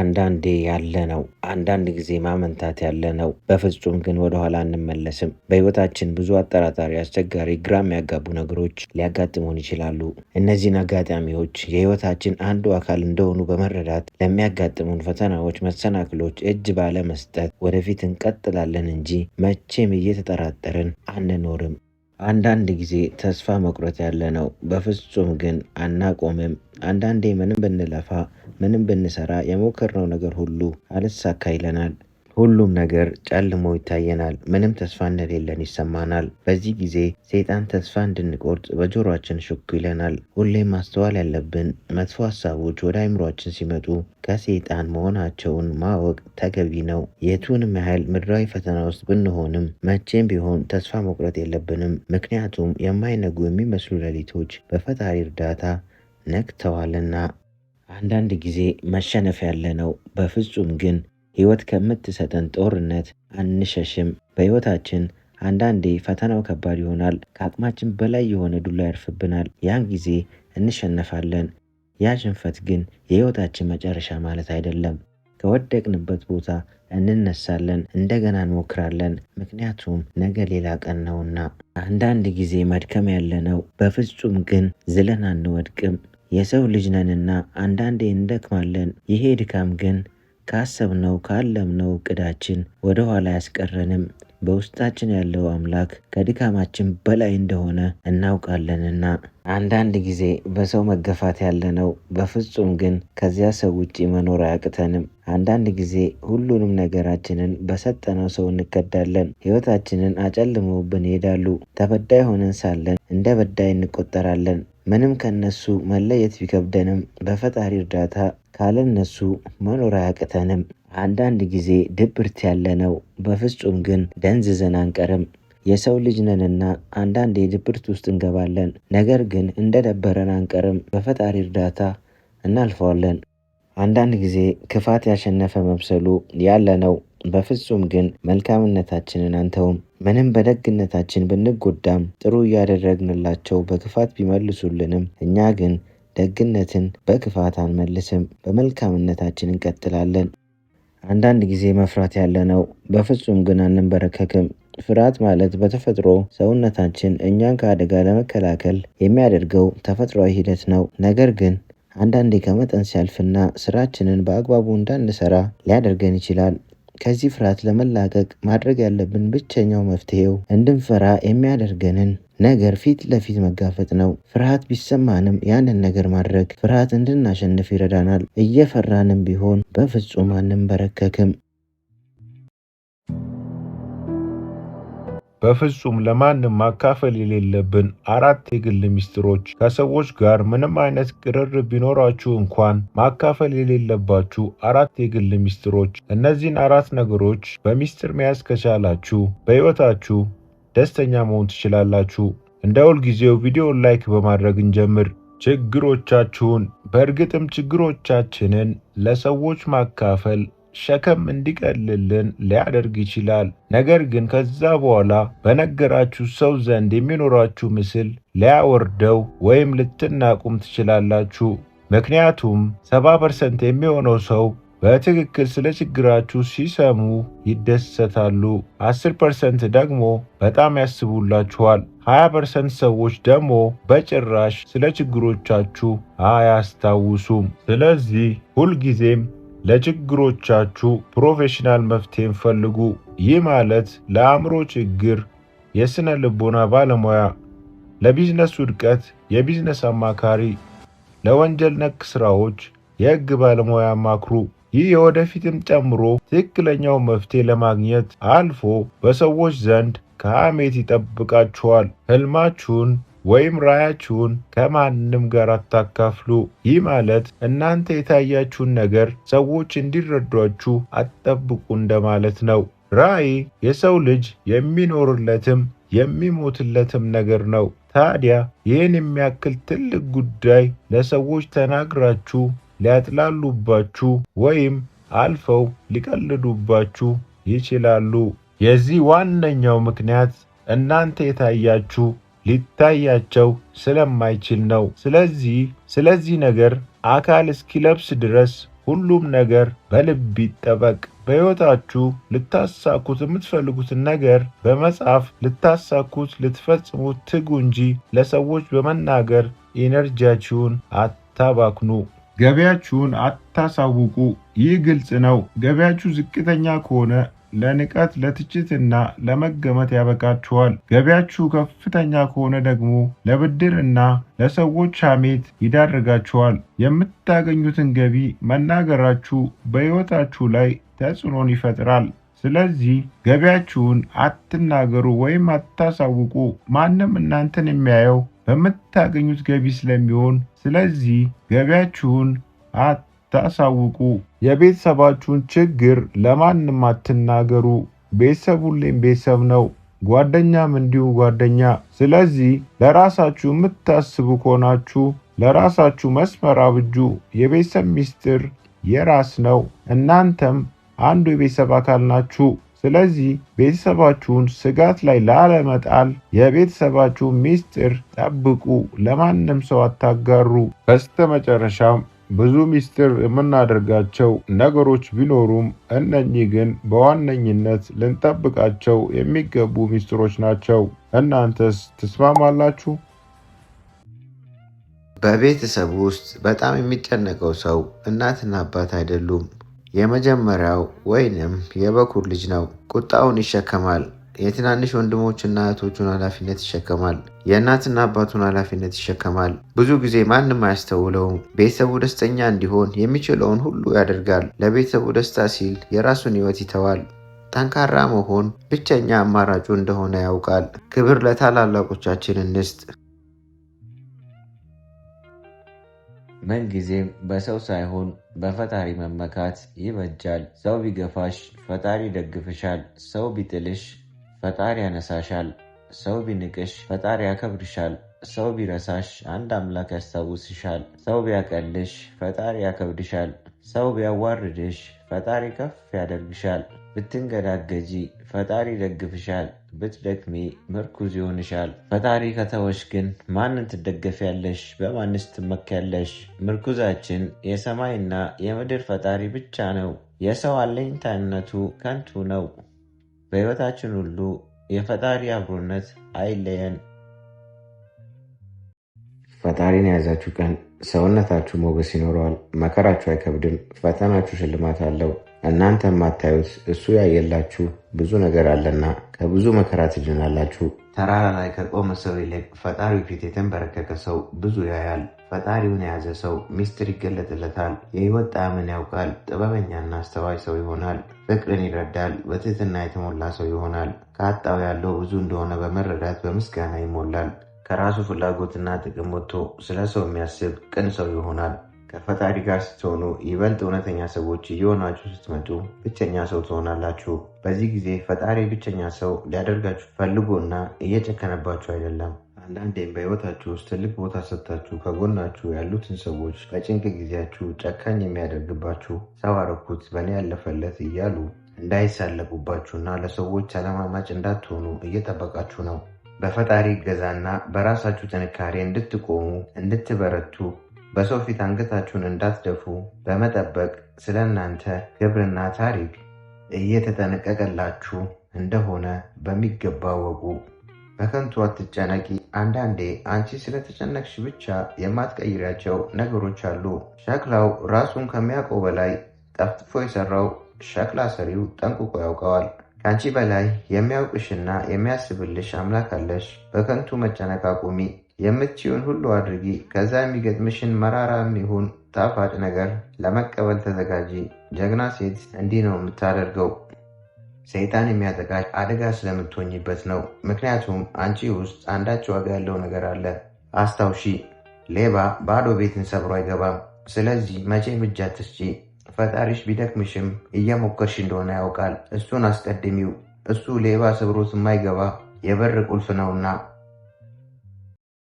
አንዳንዴ ያለ ነው። አንዳንድ ጊዜ ማመንታት ያለ ነው። በፍጹም ግን ወደኋላ አንመለስም። በህይወታችን ብዙ አጠራጣሪ፣ አስቸጋሪ፣ ግራ የሚያጋቡ ነገሮች ሊያጋጥሙን ይችላሉ። እነዚህን አጋጣሚዎች የህይወታችን አንዱ አካል እንደሆኑ በመረዳት ለሚያጋጥሙን ፈተናዎች፣ መሰናክሎች እጅ ባለመስጠት ወደፊት እንቀጥላለን እንጂ መቼም እየተጠራጠርን አንኖርም። አንዳንድ ጊዜ ተስፋ መቁረጥ ያለ ነው። በፍጹም ግን አናቆምም። አንዳንዴ ምንም ብንለፋ፣ ምንም ብንሰራ የሞከርነው ነገር ሁሉ አልሳካ ይለናል። ሁሉም ነገር ጨልሞ ይታየናል። ምንም ተስፋ እንደሌለን ይሰማናል። በዚህ ጊዜ ሰይጣን ተስፋ እንድንቆርጥ በጆሮአችን ሹኩ ይለናል። ሁሌም ማስተዋል ያለብን መጥፎ ሀሳቦች ወደ አይምሯችን ሲመጡ ከሰይጣን መሆናቸውን ማወቅ ተገቢ ነው። የቱንም ያህል ምድራዊ ፈተና ውስጥ ብንሆንም መቼም ቢሆን ተስፋ መቁረጥ የለብንም። ምክንያቱም የማይነጉ የሚመስሉ ሌሊቶች በፈጣሪ እርዳታ ነግተዋልና። አንዳንድ ጊዜ መሸነፍ ያለ ነው። በፍጹም ግን ሕይወት ከምትሰጠን ጦርነት አንሸሽም። በሕይወታችን አንዳንዴ ፈተናው ከባድ ይሆናል። ከአቅማችን በላይ የሆነ ዱላ ያርፍብናል። ያን ጊዜ እንሸነፋለን። ያ ሽንፈት ግን የሕይወታችን መጨረሻ ማለት አይደለም። ከወደቅንበት ቦታ እንነሳለን፣ እንደገና እንሞክራለን። ምክንያቱም ነገ ሌላ ቀን ነውና። አንዳንድ ጊዜ መድከም ያለነው በፍጹም ግን ዝለን አንወድቅም። የሰው ልጅ ነንና አንዳንዴ እንደክማለን። ይሄ ድካም ግን ካሰብነው ካለምነው እቅዳችን ወደ ኋላ አያስቀረንም። በውስጣችን ያለው አምላክ ከድካማችን በላይ እንደሆነ እናውቃለንና አንዳንድ ጊዜ በሰው መገፋት ያለነው፣ በፍጹም ግን ከዚያ ሰው ውጪ መኖር አያቅተንም። አንዳንድ ጊዜ ሁሉንም ነገራችንን በሰጠነው ሰው እንከዳለን። ሕይወታችንን አጨልመውብን ይሄዳሉ። ተበዳይ ሆነን ሳለን እንደ በዳይ እንቆጠራለን። ምንም ከነሱ መለየት ቢከብደንም በፈጣሪ እርዳታ ካለነሱ መኖር አያቅተንም። አንዳንድ ጊዜ ድብርት ያለ ነው በፍጹም ግን ደንዝዘን አንቀርም። የሰው ልጅ ነንና አንዳንዴ የድብርት ውስጥ እንገባለን። ነገር ግን እንደ ደበረን አንቀርም። በፈጣሪ እርዳታ እናልፈዋለን። አንዳንድ ጊዜ ክፋት ያሸነፈ መብሰሉ ያለ ነው። በፍጹም ግን መልካምነታችንን አንተውም። ምንም በደግነታችን ብንጎዳም ጥሩ እያደረግንላቸው በክፋት ቢመልሱልንም እኛ ግን ደግነትን በክፋት አንመልስም፣ በመልካምነታችን እንቀጥላለን። አንዳንድ ጊዜ መፍራት ያለ ነው፣ በፍጹም ግን አንንበረከክም። ፍርሃት ማለት በተፈጥሮ ሰውነታችን እኛን ከአደጋ ለመከላከል የሚያደርገው ተፈጥሯዊ ሂደት ነው። ነገር ግን አንዳንዴ ከመጠን ሲያልፍና ስራችንን በአግባቡ እንዳንሰራ ሊያደርገን ይችላል። ከዚህ ፍርሃት ለመላቀቅ ማድረግ ያለብን ብቸኛው መፍትሄው እንድንፈራ የሚያደርገንን ነገር ፊት ለፊት መጋፈጥ ነው። ፍርሃት ቢሰማንም ያንን ነገር ማድረግ ፍርሃት እንድናሸንፍ ይረዳናል። እየፈራንም ቢሆን በፍጹም አንንበረከክም። በፍጹም ለማንም ማካፈል የሌለብን አራት የግል ሚስጥሮች ከሰዎች ጋር ምንም አይነት ቅርር ቢኖራችሁ እንኳን ማካፈል የሌለባችሁ አራት የግል ሚስጥሮች። እነዚህን አራት ነገሮች በሚስጥር መያዝ ከቻላችሁ በሕይወታችሁ ደስተኛ መሆን ትችላላችሁ። እንደ ሁልጊዜው ቪዲዮን ላይክ በማድረግ እንጀምር። ችግሮቻችሁን በእርግጥም ችግሮቻችንን ለሰዎች ማካፈል ሸከም እንዲቀልልን ሊያደርግ ይችላል። ነገር ግን ከዛ በኋላ በነገራችሁ ሰው ዘንድ የሚኖራችሁ ምስል ሊያወርደው ወይም ልትናቁም ትችላላችሁ። ምክንያቱም 70 ፐርሰንት የሚሆነው ሰው በትክክል ስለ ችግራችሁ ሲሰሙ ይደሰታሉ። 10 ፐርሰንት ደግሞ በጣም ያስቡላችኋል። 20 ፐርሰንት ሰዎች ደግሞ በጭራሽ ስለ ችግሮቻችሁ አያስታውሱም። ስለዚህ ሁልጊዜም ለችግሮቻችሁ ፕሮፌሽናል መፍትሄን ፈልጉ። ይህ ማለት ለአእምሮ ችግር የሥነ ልቦና ባለሙያ፣ ለቢዝነስ ውድቀት የቢዝነስ አማካሪ፣ ለወንጀል ነክ ሥራዎች የሕግ ባለሙያ አማክሩ። ይህ የወደፊትም ጨምሮ ትክክለኛው መፍትሄ ለማግኘት አልፎ በሰዎች ዘንድ ከሐሜት ይጠብቃችኋል። ሕልማችሁን ወይም ራያችሁን ከማንም ጋር አታካፍሉ። ይህ ማለት እናንተ የታያችሁን ነገር ሰዎች እንዲረዷችሁ አትጠብቁ እንደማለት ነው። ራእይ የሰው ልጅ የሚኖርለትም የሚሞትለትም ነገር ነው። ታዲያ ይህን የሚያክል ትልቅ ጉዳይ ለሰዎች ተናግራችሁ ሊያጥላሉባችሁ ወይም አልፈው ሊቀልዱባችሁ ይችላሉ። የዚህ ዋነኛው ምክንያት እናንተ የታያችሁ ሊታያቸው ስለማይችል ነው። ስለዚህ ስለዚህ ነገር አካል እስኪለብስ ድረስ ሁሉም ነገር በልብ ይጠበቅ። በሕይወታችሁ ልታሳኩት የምትፈልጉትን ነገር በመጻፍ ልታሳኩት ልትፈጽሙት ትጉ እንጂ ለሰዎች በመናገር ኤነርጂያችሁን አታባክኑ። ገበያችሁን አታሳውቁ። ይህ ግልጽ ነው። ገበያችሁ ዝቅተኛ ከሆነ ለንቀት ለትችት እና ለመገመት ያበቃችኋል። ገቢያችሁ ከፍተኛ ከሆነ ደግሞ ለብድር እና ለሰዎች ሐሜት ይዳርጋችኋል። የምታገኙትን ገቢ መናገራችሁ በሕይወታችሁ ላይ ተጽዕኖን ይፈጥራል። ስለዚህ ገቢያችሁን አትናገሩ ወይም አታሳውቁ። ማንም እናንተን የሚያየው በምታገኙት ገቢ ስለሚሆን፣ ስለዚህ ገቢያችሁን አት ታሳውቁ። የቤተሰባችሁን ችግር ለማንም አትናገሩ። ቤተሰብ ሁሌም ቤተሰብ ነው፣ ጓደኛም እንዲሁ ጓደኛ። ስለዚህ ለራሳችሁ የምታስቡ ከሆናችሁ ለራሳችሁ መስመር አብጁ። የቤተሰብ ሚስጥር የራስ ነው፣ እናንተም አንዱ የቤተሰብ አካል ናችሁ። ስለዚህ ቤተሰባችሁን ስጋት ላይ ላለመጣል የቤተሰባችሁን ሚስጥር ጠብቁ፣ ለማንም ሰው አታጋሩ። በስተመጨረሻም ብዙ ሚስጥር የምናደርጋቸው ነገሮች ቢኖሩም እነኚህ ግን በዋነኝነት ልንጠብቃቸው የሚገቡ ሚስጥሮች ናቸው። እናንተስ ትስማማላችሁ? በቤተሰብ ውስጥ በጣም የሚጨነቀው ሰው እናትና አባት አይደሉም። የመጀመሪያው ወይንም የበኩር ልጅ ነው። ቁጣውን ይሸከማል። የትናንሽ ወንድሞችና እህቶቹን ኃላፊነት ይሸከማል። የእናትና አባቱን ኃላፊነት ይሸከማል። ብዙ ጊዜ ማንም አያስተውለውም። ቤተሰቡ ደስተኛ እንዲሆን የሚችለውን ሁሉ ያደርጋል። ለቤተሰቡ ደስታ ሲል የራሱን ሕይወት ይተዋል። ጠንካራ መሆን ብቸኛ አማራጩ እንደሆነ ያውቃል። ክብር ለታላላቆቻችን እንስጥ። ምንጊዜም በሰው ሳይሆን በፈጣሪ መመካት ይበጃል። ሰው ቢገፋሽ ፈጣሪ ይደግፍሻል። ሰው ቢጥልሽ ፈጣሪ ያነሳሻል። ሰው ቢንቅሽ ፈጣሪ ያከብርሻል። ሰው ቢረሳሽ አንድ አምላክ ያስታውስሻል። ሰው ቢያቀልሽ ፈጣሪ ያከብድሻል። ሰው ቢያዋርድሽ ፈጣሪ ከፍ ያደርግሻል። ብትንገዳገጂ ፈጣሪ ይደግፍሻል። ብትደክሜ ምርኩዝ ይሆንሻል። ፈጣሪ ከተወሽ ግን ማንን ትደገፊያለሽ? በማንስ ትመኪያለሽ? ምርኩዛችን የሰማይና የምድር ፈጣሪ ብቻ ነው። የሰው አለኝታነቱ ከንቱ ነው። በሕይወታችን ሁሉ የፈጣሪ አብሮነት አይለየን። ፈጣሪን የያዛችሁ ቀን ሰውነታችሁ ሞገስ ይኖረዋል። መከራችሁ አይከብድም፣ ፈተናችሁ ሽልማት አለው። እናንተ የማታዩት እሱ ያየላችሁ ብዙ ነገር አለና ከብዙ መከራ ትድናላችሁ። ተራራ ላይ ከቆመ ሰው ይልቅ ፈጣሪ ፊት የተንበረከከ ሰው ብዙ ያያል። ፈጣሪውን የያዘ ሰው ሚስጢር ይገለጥለታል፣ የህይወት ጣዕምን ያውቃል፣ ጥበበኛና አስተዋይ ሰው ይሆናል፣ ፍቅርን ይረዳል፣ በትህትና የተሞላ ሰው ይሆናል፣ ከአጣው ያለው ብዙ እንደሆነ በመረዳት በምስጋና ይሞላል፣ ከራሱ ፍላጎትና ጥቅም ወጥቶ ስለ ሰው የሚያስብ ቅን ሰው ይሆናል። ከፈጣሪ ጋር ስትሆኑ ይበልጥ እውነተኛ ሰዎች እየሆናችሁ ስትመጡ ብቸኛ ሰው ትሆናላችሁ። በዚህ ጊዜ ፈጣሪ ብቸኛ ሰው ሊያደርጋችሁ ፈልጎና እየጨከነባችሁ አይደለም። አንዳንዴም በህይወታችሁ ውስጥ ትልቅ ቦታ ሰጥታችሁ ከጎናችሁ ያሉትን ሰዎች በጭንቅ ጊዜያችሁ ጨካኝ የሚያደርግባችሁ ሰው አረኩት በእኔ ያለፈለት እያሉ እንዳይሳለቁባችሁና ለሰዎች ተለማማጭ እንዳትሆኑ እየጠበቃችሁ ነው። በፈጣሪ እገዛና በራሳችሁ ጥንካሬ እንድትቆሙ እንድትበረቱ፣ በሰው ፊት አንገታችሁን እንዳትደፉ በመጠበቅ ስለ እናንተ ግብርና ታሪክ እየተጠነቀቀላችሁ እንደሆነ በሚገባ ወቁ። በከንቱ አትጨነቂ። አንዳንዴ አንቺ ስለተጨነቅሽ ብቻ የማትቀይሪያቸው ነገሮች አሉ። ሸክላው ራሱን ከሚያውቀው በላይ ጠፍጥፎ የሰራው ሸክላ ሰሪው ጠንቅቆ ያውቀዋል። ከአንቺ በላይ የሚያውቅሽና የሚያስብልሽ አምላክ አለሽ። በከንቱ መጨነቅ አቁሚ። የምትችውን ሁሉ አድርጊ። ከዛ የሚገጥምሽን መራራ የሚሆን ጣፋጭ ነገር ለመቀበል ተዘጋጂ። ጀግና ሴት እንዲህ ነው የምታደርገው። ሰይጣን የሚያጠቃሽ አደጋ ስለምትሆኝበት ነው። ምክንያቱም አንቺ ውስጥ አንዳች ዋጋ ያለው ነገር አለ። አስታውሺ፣ ሌባ ባዶ ቤትን ሰብሮ አይገባም። ስለዚህ መቼም እጅ አትስጪ። ፈጣሪሽ ቢደክምሽም እየሞከርሽ እንደሆነ ያውቃል። እሱን አስቀድሚው። እሱ ሌባ ሰብሮት የማይገባ የበር ቁልፍ ነውና።